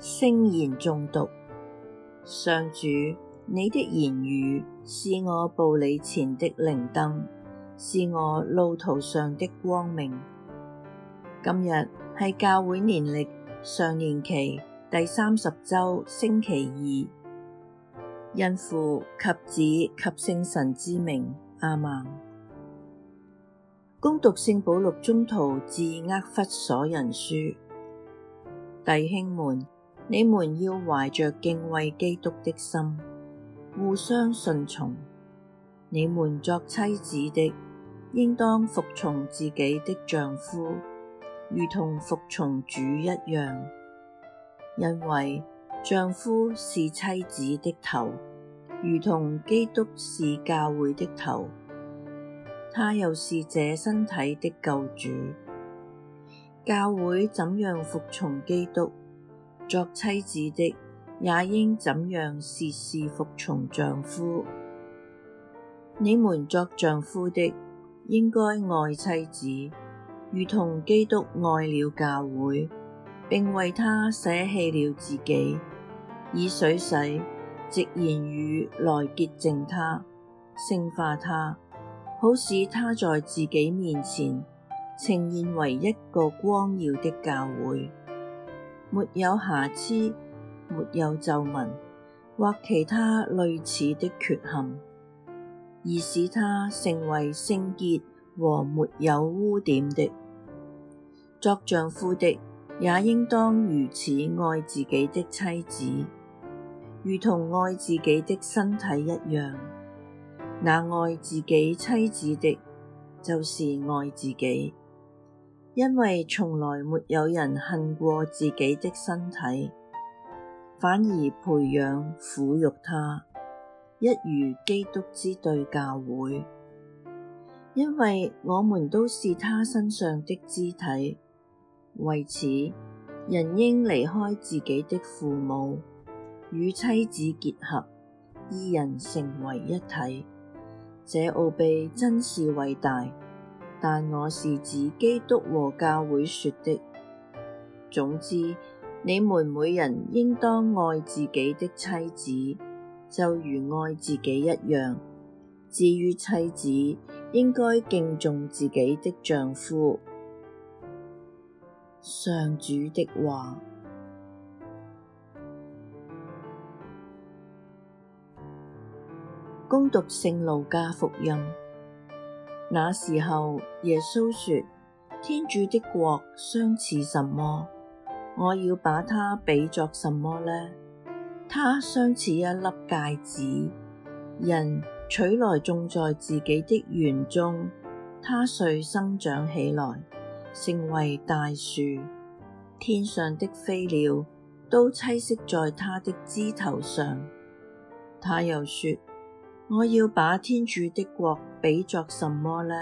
聖言誦讀，上主，你的言語是我步履前的靈燈，是我路途上的光明。今日係教會年曆常年期第三十周星期二，因父及子及聖神之名，阿門。恭讀聖保祿宗徒致厄弗所人書，弟兄們。你們要懷着敬畏基督的心，互相順從。你們作妻子的，應當服從自己的丈夫，如同服從主一樣，因為丈夫是妻子的頭，如同基督是教會的頭，他又是這身體的救主。教會怎樣服從基督，作妻子的也應怎樣事事服從丈夫；你們作丈夫的，應該愛妻子，如同基督愛了教會，並為他捨棄了自己，以水洗、藉言語來潔淨他、聖化他，好使他在自己面前呈現為一個光耀的教會。沒有瑕疵、沒有皺紋或其他類似的缺陷，而使她成為聖潔和沒有污點的。作丈夫的也應當如此愛自己的妻子，如同愛自己的身體一樣。那愛自己妻子的，就是愛自己。因為從來沒有人恨過自己的身體，反而培養撫育他，一如基督之對教會。因為我們都是他身上的肢體，為此人應離開自己的父母，與妻子結合，二人成為一體。這奧秘真是偉大。但我是指基督和教會說的。總之，你們每人應當愛自己的妻子，就如愛自己一樣。至於妻子，應該敬重自己的丈夫。上主的話。恭讀聖路加福音。那時候，耶穌說：天主的國相似什麼？我要把它比作什麼呢？它相似一粒芥子，人取來種在自己的園中，它遂生長起來，成為大樹，天上的飛鳥都棲息在它的枝頭上。他又說：我要把天主的國比作什麼呢？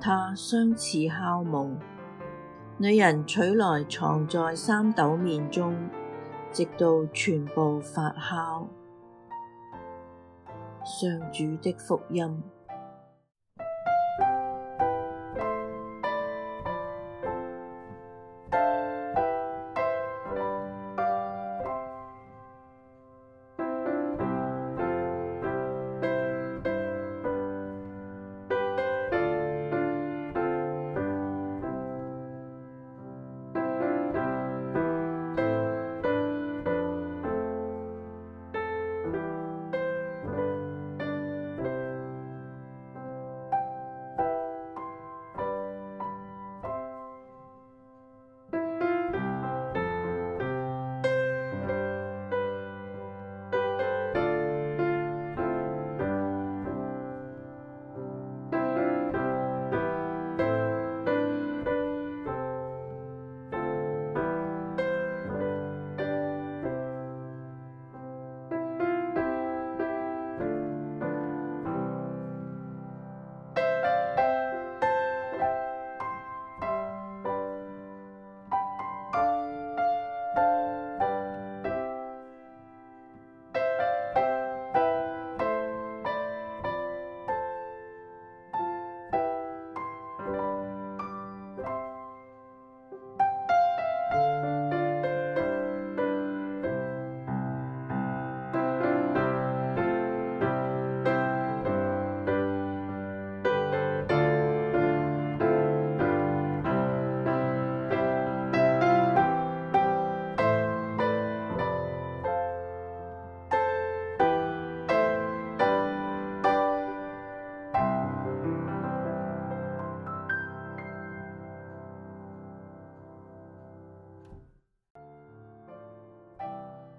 它相似酵母，女人取來藏在三斗麵中，直到全部發酵。上主的福音。